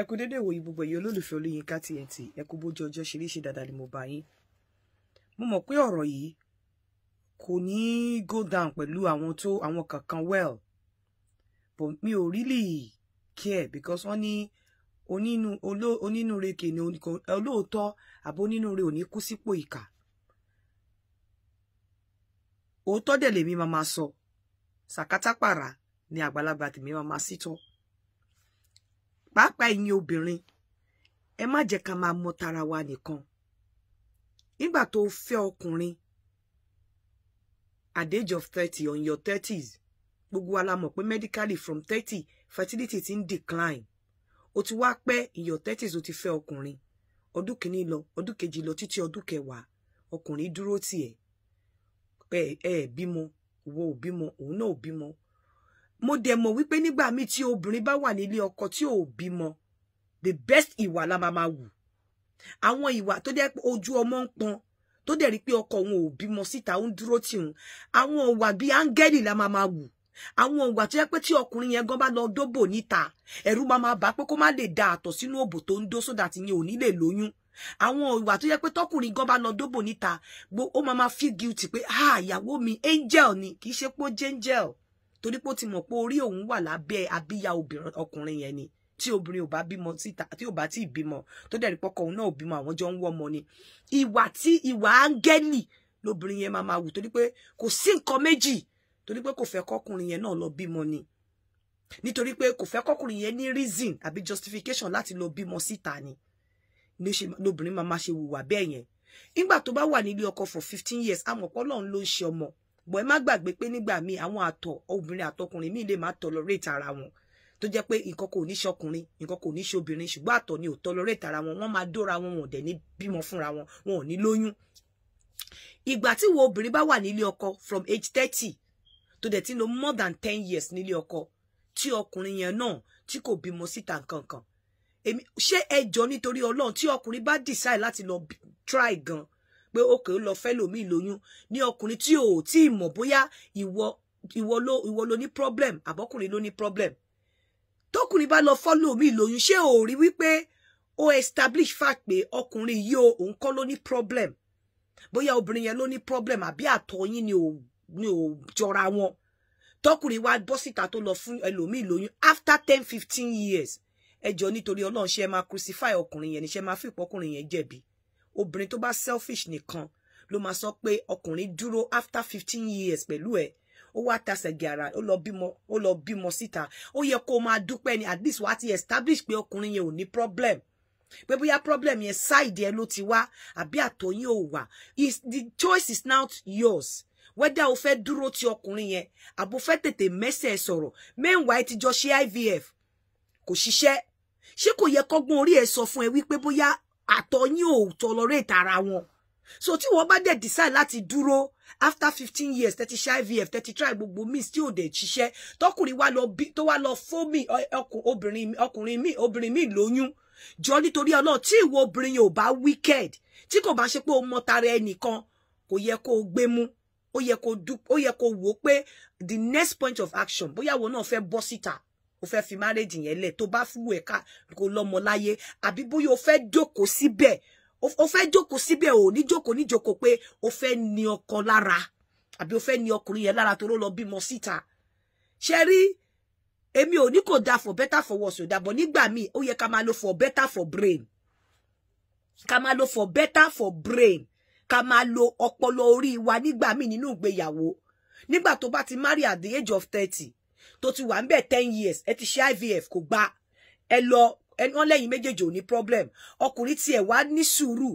ẹ kú dédé ìwòyí gbogbo èyí olólùfẹ́ olóyinka TNT ẹ kú bójú ọjọ́ ṣe léṣe dáadáa ni mo bá yín mo mọ̀ pé ọ̀rọ̀ yìí kò ní go down pẹ̀lú àwọn tó àwọn kankan well but mi ò really care because wọ́n ní onínú onínúure kè ní olóòótọ́ àbó onínúure ò ní kú sípò ìkà òótọ́ dẹ̀ lèmi máa máa sọ sàkátàpàrà ni àgbàlagbà tèmi máa máa sí pàápàá ẹ̀yin obìnrin ẹ má jẹ́ ká máa mọ tara wa nìkan nígbà tó fẹ́ ọkùnrin at age of thirty on your thirties gbogbo wa la pé medically from thirty fertility ti ń decline o ti wá pẹ́ in your thirties o ti fẹ́ ọkùnrin ọdún kìíní lọ ọdún kejì lọ títí ọdún kẹwàá ọkùnrin dúró tiẹ̀ ẹ ẹ bímọ ìwọ ò bímọ òun náà ò mo dẹ̀ mọ̀ wípé nígbà míì tí obìnrin bá wà nílé ọkọ tí ò bímọ the best ìwà la máa máa wù àwọn ìwà tó dẹ́ ojú ọmọ ń pọn tó dẹ̀ rí pé ọkọ òun ò bímọ síta ó ń dúró tì òun àwọn ìwà bíi áńgẹ́lì la máa máa wù àwọn ìwà tó yẹ pé tí ọkùnrin yẹn gan bá lọ dóbò níta ẹ̀rù máa máa bá pé kó má lè da àtọ̀ sínú òbò tó ń dó sódà tí yẹn ò ní lè lóyún àwọn ìwà tó yẹ pé tọkùnrin gan bá lọ dóbò níta ó máa máa feel guilty pé ah ìyàwó mi angel ni kì í ṣe pé ó jẹ́ angel torí pé ó ti mọ̀ pé orí òun wà lábẹ́ abíyá obìnrin ọkùnrin yẹn ni tí obìnrin ò bá bímọ síta tí ò bá tí ì bímọ tó dẹ̀ rí pọ́kọ òun náà ò bímọ àwọn jọ ń wọ́ ọmọ ni ìwà tí ìwà áńgẹ́lì lobìnrin yẹn máa máa wù torí pé kò sí nǹkan méjì torí pé kò fẹ́ kọ́kùnrin yẹn náà lọ bímọ ni nítorí pé kò fẹ́ kọ́kùnrin yẹn ní reason àbí justification láti lọ bímọ síta ni lobìnrin máa máa ṣe wùwà bẹ́ẹ̀ yẹn nígbà tó bá wà nílé ọkọ for fifteen years àmọ́ pé Ọlọ́run ló ń ṣe ọmọ bọ̀ ẹ má gbàgbé pé nígbà míì àwọn àtọ̀ obìnrin àtọkùnrin míì lè má tolerate ara wọn tó jẹ́ pé nǹkan kò ní ṣọkùnrin nǹkan kò ní ṣobìnrin ṣùgbọ́n àtọ̀ ni ò tolerate ara wọn wọ́n máa dóra wọn wọn ò dẹ̀ ní bímọ fúnra wọn wọn ò ní lóyún ìgbà tí wo obìnrin bá wà nílé ọkọ from age thirty tó dẹ̀ ti lò more than ten years nílé ọkọ tí ọkùnrin yẹn náà tí kò bímọ síta nǹkan kan èmi ṣé ẹjọ́ nítorí Ọlọ́run tí ọkùnrin bá decide láti lọ try gan pé òkè ó lọ fẹ́ lòmíì lóyún ní ọkùnrin tí ò tí ì mọ̀ bóyá ìwọ ìwọ ló ìwọ ló ní problem àbọ́kùnrin ló ní problem tọkùnrin bá lọ fọ́ lòmíì lóyún ṣé ò rí wípé ó establish fact pé ọkùnrin yìí o òun kọ́ ló ní problem bóyá obìnrin yẹn ló ní problem àbí àtọ̀ yín ni ò ni ò jọra wọn tọkùnrin wa bọ́ síta tó lọ fún ẹlòmíì lóyún after ten fifteen years ẹjọ́ nítorí ọlọ́run ṣe máa crucify ọkùnrin yẹn ni ṣe máa fi ìpọ́kùnrin yẹn jẹ̀bi obìnrin tó bá selfish nìkan ló máa sọ pé ọkùnrin dúró after fifteen years pẹ̀lú ẹ̀ ó wá tasẹ̀ gàrà ó lọ bímọ ó lọ bímọ síta ó yẹ kó máa dúpẹ́ ni at least wàá ti establish pé ọkùnrin yẹn ò ní problem pé bóyá problem yẹn side ẹ ló ti wá àbí àtọyìn ò wà the choice is now yours wẹ́dà o fẹ́ dúró ti ọkùnrin yẹn àbò fẹ́ tètè mẹ́sẹ̀ sọ̀rọ̀ mẹ́wàá ẹ ti jọ ṣe IVF kò ṣiṣẹ́ ṣé kò yẹ kọ́gbọ́n orí ẹ sọ fún ẹ wípé bóyá àtọyín ò tolerate ara wọn so tí wọ́n bá dẹ̀ decide láti dúró after fifteen years thirty five years thirty try gbogbo miss tí ò dẹ̀ ṣiṣẹ́ tọkùnrin wa lọ bí tó wá lọ fún mi obìnrin ọkùnrin mi obìnrin mi lóyún jọ nítorí Ọlọ́run tí ìwọ obìnrin yẹn ò bá wicked tí kò bá ṣe pé o mọ tara ẹnìkan kò yẹ kó o gbé mú ó yẹ kó o wò ó pé the next point of action bóyá wo náà fẹ́ bọ́ síta o fẹ́ fi marriage yẹn lẹ̀ tó bá fún ẹ̀ ká kó lọ́mọ láyé àbí bóyá o fẹ́ jókòó síbẹ̀ o fẹ́ jókòó síbẹ̀ o ní jókòó ní jókòó pé o fẹ́ ní ọkọ lára àbí o fẹ́ ní ọkùnrin yẹn lára tó lọ bímọ síta ṣe rí èmi ò ní kò da for better for worse ò da bọ̀ nígbà míì ó yẹ ká máa lo for better for brain ká máa lo for better for brain ká máa lo ọpọlọ orí wa nígbà míì nínú ìgbéyàwó nígbà tó bá ti marry at the age of thirty tó ti wà ń bẹ̀ ten years ẹ ti ṣe IVF kò gbà ẹ lọ wọ́n lẹ́yìn méjèèjì ò ní problem ọkùnrin tiẹ̀ wá ni suru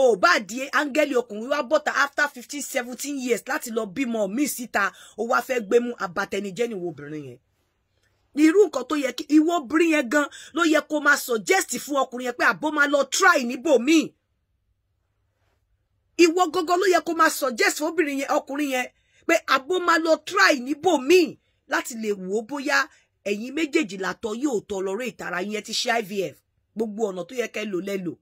o ba bá di áńgẹ́lì ọkùnrin wá after fifteen seventeen years láti lọ bímọ míì síta ó wá fẹ́ gbé mú abatẹnijẹ́ nìwọ obìnrin yẹn irú nǹkan tó yẹ kí ìwọ obìnrin yẹn gan lo ye kó máa suggest fún ọkùnrin yẹn pé àbó máa lọ try níbòmíì ìwọ gangan ló yẹ kó máa suggest fún obìnrin yẹn ọkùnrin yẹn pé àbó máa lọ try níbòmíì láti lè wò ó bóyá ẹ̀yin méjèèjì làtọ̀ yóò tọ̀ lọ́rọ̀ ìtara yẹn ti ṣe IVF gbogbo ọ̀nà tó yẹ kẹ́ lò lẹ́lò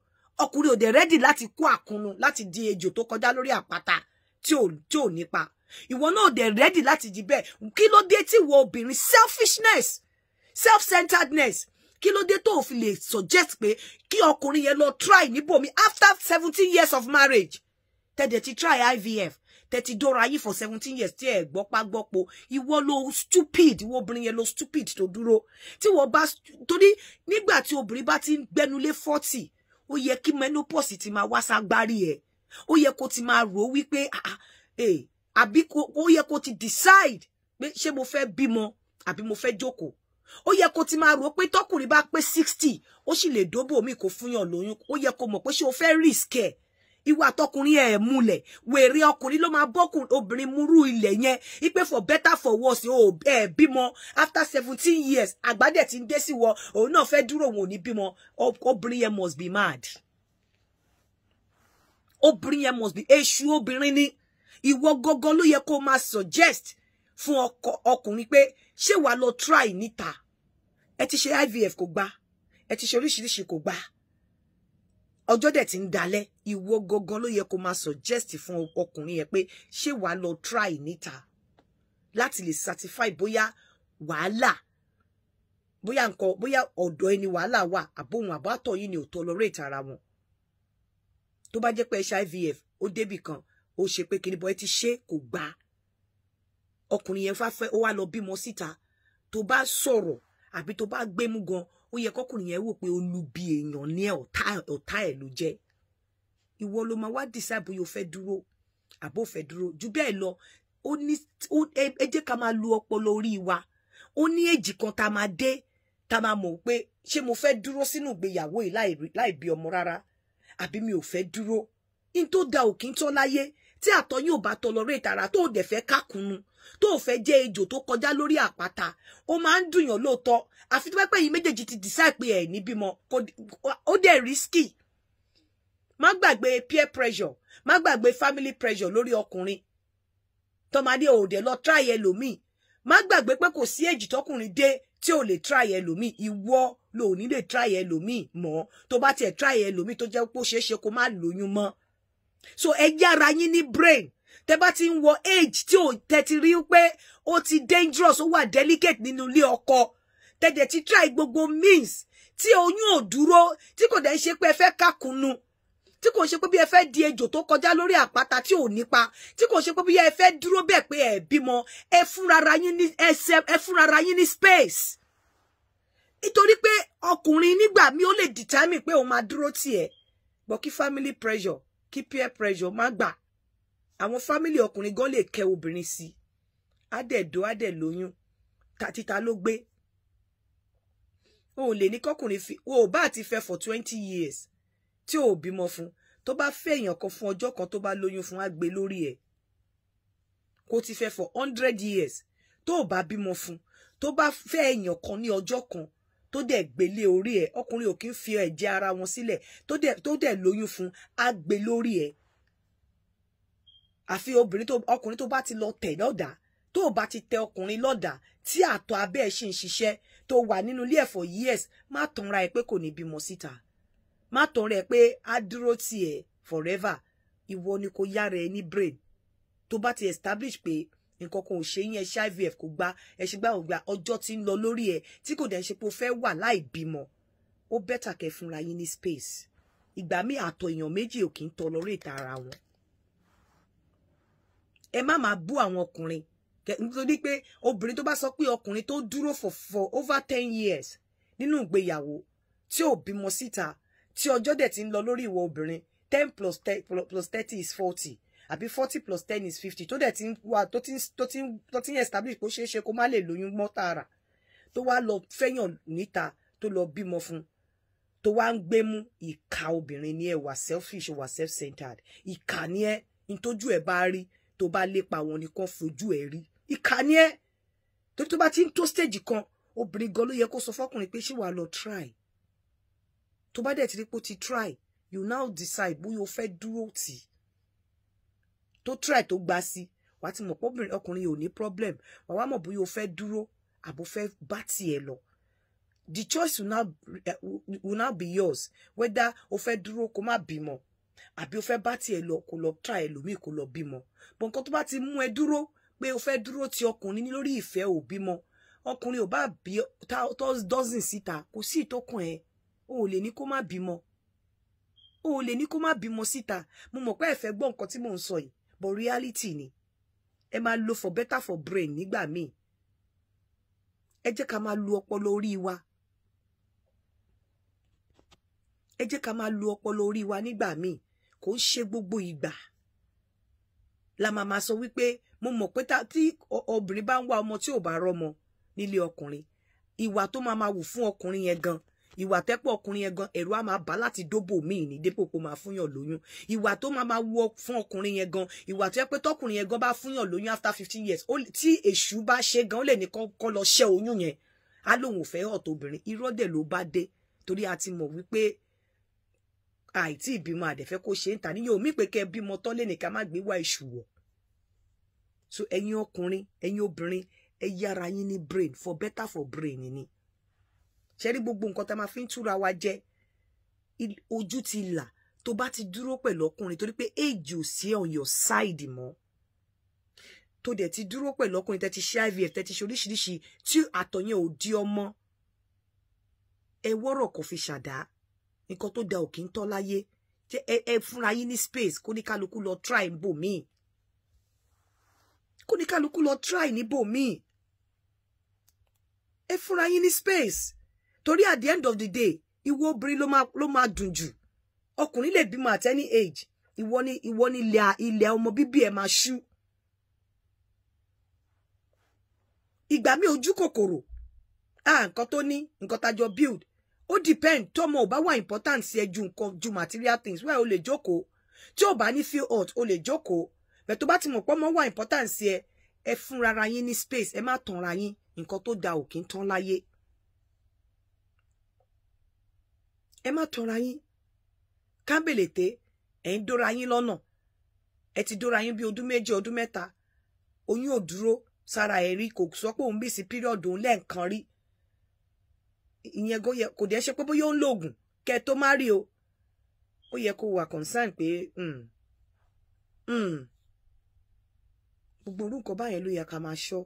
ọkùnrin ò dẹ̀ rẹ́dì láti kó àkúnnu láti di ejò tó kọjá lórí àpáta tí ò tí ò nípa ìwọ náà dẹ̀ rẹ́dì láti di bẹ́ẹ̀ kí ló dé tí wọ obìnrin selfishness self-centeredness kí ló dé tó fi lè suggest pé kí ọkùnrin yẹn lọ try níbòmí after seventeen years of marriage tẹ̀dẹ̀ ti try IVF tẹ́tí dóra yìí for seventeen years tí ẹ̀ gbọ́pagbọ́po ìwọ lo stupid ìwọ obìnrin yẹn lo stupid tó dúró tí wọ́n bá torí nígbà tí obìnrin bá ti ń gbẹnulé forty ó yẹ kí menopause ti máa wá ságbárí ẹ̀ ó yẹ kó ti máa rò wípé ah, ah, eh, àbí ó yẹ kó ti decide pé ṣé mo fẹ́ bímọ àbí mo fẹ́ jókòó ó yẹ kó ti máa rò pé tọkùnrin bá pé sixty ó sì lè dóbò mi kò fúnyàn lóyún ó yẹ kó mọ̀ pé ṣé o fẹ́ risk ẹ̀ ìwà àtọkùnrin ẹ̀ múlẹ̀ wèrè ọkùnrin ló máa bọ́kùn obìnrin múrú ilẹ̀ yẹn ipe for better for worse o ẹ̀ bímọ after seventeen years àgbàdẹ̀ ti ń dé sí wọ òun náà fẹ́ dúró òun ò ní bímọ obìnrin yẹn must be mad obìnrin yẹn must be èṣù obìnrin ni ìwọ gangan ló yẹ kó máa suggest fún ọkùnrin pé ṣé wàá lọ try níta ẹ ti ṣe IVF kò gbà ẹ ti ṣe oríṣiríṣi kò gbà ọjọ́ dẹ̀ ti ń dalẹ̀ ìwọ gangan ló yẹ kó máa suggest fún ọkùnrin yẹn pé ṣé wàá lọ try níta láti lè certify bóyá wàhálà bóyá nǹkan bóyá ọ̀dọ̀ ẹni wàhálà wà àbóhun àbátọ̀ yìí ni ò tolerate ara wọn tó bá jẹ́ pé ẹ̀ṣá IVF ó débì kan ó ṣe pé kíni bọ́ ẹ ti ṣe kò gbà ọkùnrin yẹn fáfẹ́ ó wá lọ bímọ síta tó bá sọ̀rọ̀ àbí tó bá gbémú gan-an ó yẹ kọkùnrin yẹn wò pé olubi èèyàn ní ẹ ọ̀tá ọ̀tá ẹ̀ ló jẹ́ ìwọ ló máa wá decide bóyá o fẹ́ dúró àbó fẹ́ dúró jù bẹ́ẹ̀ lọ ó ní ẹ jẹ́ ká máa lu ọpọlọ orí wa ó ní èjì kan tá a máa dé tá a máa mọ̀ pé ṣé mo fẹ́ dúró sínú ìgbéyàwó yìí láì bí ọmọ rárá àbí mi ò fẹ́ dúró in tó da òkín tán láyé tí àtọyìn ò bá tọlọrẹ ìtara tó dẹ̀ fẹ́ kákùnún tó fẹ́ jẹ́ ejò tó kọjá lórí àpáta ó máa ń dùn yàn lóòótọ́ àfi tó bá pẹ́ yìí méjèèjì ti decide pé ẹ̀ níbí mọ́ ó dẹ̀ risky má gbàgbé peer pressure má gbàgbé family pressure lórí ọkùnrin tọ́mọdé òde lọ try ẹlòmíì má gbàgbé pé kò sí èjì tọkùnrin dé tí ò lè try ẹlòmíì ìwọ ló ò ní lè try ẹlòmíì mọ́ tó bá tiẹ̀ try ẹlòmíì tó jẹ́ pé ó ṣeé ṣe kó má lóyún mọ́ so ẹ yára yín ní brain tẹ́ bá ti ń wọ age tí ò tẹ́ ti rí pé ó ti dangerous ó wà delicate nínú ilé ọkọ tẹ́ dẹ̀ ti try gbogbo means tí oyún ò duro. tí kò dẹ̀ ń ṣe pé ẹ fẹ́ kákùnù tí kò ṣe pé bí ẹ fẹ́ di ejò tó kọjá lórí àpáta tí ò nípa tí kò ṣe pé bí ẹ fẹ́ dúró bẹ́ẹ̀ pé ẹ bímọ ẹ fúnrara yín ní ẹsẹ ẹ fúnrara yín ní space nítorí pé ọkùnrin nígbà mi ó lè determine pé òun máa dúró tiẹ̀ gbọ́ kí family pressure kí peer pressure má gbà àwọn fámìlì ọkùnrin gan lè kẹ obìnrin sí i àdẹ̀dó àdẹ̀lóyún tàtíta ló gbé o lè ní kọkùnrin fi o ò bá ti fẹ́ for twenty years tí o ò bímọ fún tó bá fẹ́ èèyàn kan fún ọjọ́ kan tó bá lóyún fún á lórí ẹ̀ kó ti fẹ́ for hundred years tó ò bá bímọ fún tó bá fẹ́ èèyàn kan ní ọjọ́ kan tó dẹ̀ gbélé orí ẹ̀ ọkùnrin ò kí ń fi ẹ̀jẹ̀ ara wọn sílẹ̀ tó dẹ̀ lóyún fún á lórí ẹ̀ àfi obìnrin tó ọkùnrin tó bá ti lọ tẹ̀ lọ́dà tó bá ti tẹ ọkùnrin lọ́dà tí àtọ̀ abẹ́ ẹ̀ ṣì ń ṣiṣẹ́ tó wà nínú ilé ẹ̀ for years má tanra ẹ̀ pé kò ní bímọ síta má tanra ẹ̀ pé á dúró tì ẹ̀ forever ìwọ ni kò yára ẹ ní brain tó bá ti establish pé nǹkan kan ò ṣe yín ẹṣẹ IVF kò gba ẹṣẹ gbà ò gba ọjọ́ tí ń lọ lórí ẹ tí kò dẹ̀ ń ṣe pé o fẹ́ wà láì bímọ ó bẹ́tà kẹ́ fúnra yín ní space ìgbà míì àtọ̀ èèyàn méjì ò kì í tolerate ara wọn ẹ má máa bú àwọn ọkùnrin nítorí pé obìnrin tó bá sọ pé ọkùnrin tó dúró for for over ten years nínú ìgbéyàwó tí ò bímọ síta tí ọjọ́ dẹ̀ ti ń lọ lórí ìwọ obìnrin ten plus plus thirty is forty àbí forty plus ten is fifty tó dẹ̀ ti ń wá tó ti ń tó ti ń tó ti ń establish kó ṣeé ṣe kó má lè lóyún mọ́ tààrà tó wá lọ fẹ́yàn níta tó lọ bímọ fún tó wá ń gbé mú ìka obìnrin ni ẹ wà selfish wà self-centered ìka ni ẹ ntójú ẹ bá rí tó bá lépa wọn nìkan fojú ẹ rí ìkà ni ẹ torí tó bá ti ń tó stage kan obìnrin gan ló yẹ kó sọ fọkùnrin pé ṣé wàá lọ try tó bá dẹ̀ ti rí pé ó ti try you now decide bóyá o fẹ́ dúró tì tó try tó gba sí wàá ti mọ̀ pé ọkùnrin ò ní problem wàá wá mọ̀ bóyá o fẹ́ dúró àbò fẹ́ bá tiẹ̀ lọ the choice will now, eh, will now be yours whether o fẹ́ dúró kó má bímọ àbí o fẹ́ bá tiẹ̀ lọ kó lọ tra ẹlòmíì kó lọ bímọ bọ̀ nǹkan tó bá ti mú ẹ dúró pé o fẹ́ dúró ti ọkùnrin ní lórí ìfẹ́ ò bímọ ọkùnrin ò bá bí dọ́sìn síta kò sí ìtókùn ẹ o ò lè ní kó má bímọ o ò lè ní kó má bímọ síta mo mọ̀ pé ẹ fẹ́ gbọ́ nǹkan tí mò ń sọ yìí but reality ni ẹ máa lo for better for brain nígbà míì ẹ jẹ́ ká máa lo ọpọlọ orí wa ẹ jẹ́ ká máa lo ọpọlọ orí wa nígbà míì kò ń ṣe gbogbo ìgbà la máa máa sọ wípé mo mọ̀ pé tí obìnrin bá ń wá ọmọ tí ò bá rọ́mọ nílé ọkùnrin ìwà tó máa máa wù fún ọkùnrin yẹn gan ìwà tẹ́pọ̀ ọkùnrin yẹn gan ẹ̀rù á máa bá láti dóbò míì ní dépò kó máa fúnyàn lóyún ìwà tó máa máa wù fún ọkùnrin yẹn gan ìwà tó yẹ pé tọkùnrin yẹn gan bá fúnyàn lóyún after fifteen years tí èṣù bá ṣe gan ó lè ní kọ́ lọ ṣẹ́ oyún yẹn á lóun ò fẹ́ hàn tóbìnrin irọ́ dẹ̀ ló bá dé torí a ti mọ̀ wípé àìtí ìbímọ àdẹ̀fẹ́ kó ṣe ń ta níyàn omi pé kẹ́ bímọ tán lé nìkan má gbé wá iṣu wọ̀ so ẹ̀yin ọkùnrin ẹ̀yin obìnrin ẹ yára yín ní brain for better for brain ni ṣe rí gbogbo nǹkan tá a máa fi ń túra wa jẹ ojú ti là tó bá ti dúró pẹ̀lú ọkùnrin torí pé èjì ò sí on your side mọ́ tó dẹ̀ ti dúró pẹ̀lú ọkùnrin tẹ́ ti ṣe IVF tẹ́ ti ṣe oríṣiríṣi tí àtọ̀yẹn ò di ọmọ ẹ wọ́rọ̀ kò fi ṣàdá nǹkan tó da ò kí láyé ẹ fúnra yín ní space kó lọ try níbò míì kó ní kálukú lọ try ní space torí at the end of the day ìwọ obìnrin ló ma dùn jù ọkùnrin lè bímọ at any age ìwọ ni ìwọ ni ilẹ̀ ọmọ bíbí ẹ̀ máa ṣú ìgbà mi ojú kòkòrò ah nǹkan tó ní nǹkan tájọ build ó depend tọmọ ò bá wà important sí ẹ ju nǹkan ju material things wẹ́ẹ̀ o lè jókòó tí ò bá ní feel hot o lè jókòó bẹ́ẹ̀ tó bá ti mọ̀ pé ọmọ wà important sí ẹ ẹ fúnra ara yín ní space ẹ má tanra yín nǹkan tó da ò kí ń tán láyé ẹ má tanra yín kábèlété ẹ ń dóra yín lọ́nà ẹ ti dóra yín bí ọdún méjì ọdún mẹ́ta oyún ò dúró sára ẹ rí kò sọ pé òun bí sí píríọ̀dù òun lẹ́ẹ̀kan rí ìyẹn go yẹ kò dẹ̀ ṣe pé bóyá ó ń lo oògùn kẹ tó má rí o ó yẹ kó wà concern pé hmm, hmm. gbogbo orú nǹkan báyẹn ló yẹ ká máa ṣọ́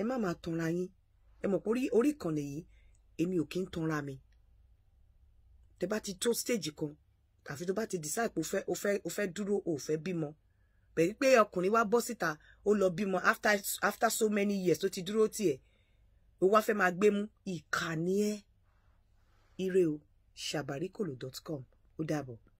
ẹ má máa tanra yín ẹ mọ̀ pé orí ìkànnì yìí èmi ò kí ń tanra mi tẹ bá ti tó stage kan àfi tó bá ti decide pé o fẹ́ o fẹ́ dúró o fẹ́ bímọ bẹ̀rí pé ọkùnrin wa bọ́ síta ó lọ bímọ after after so many years tó ti dúró tiẹ̀ ó wá fẹ́ máa gbé mú ìkànnì ẹ̀ ire o ṣàbàríkòlò dot com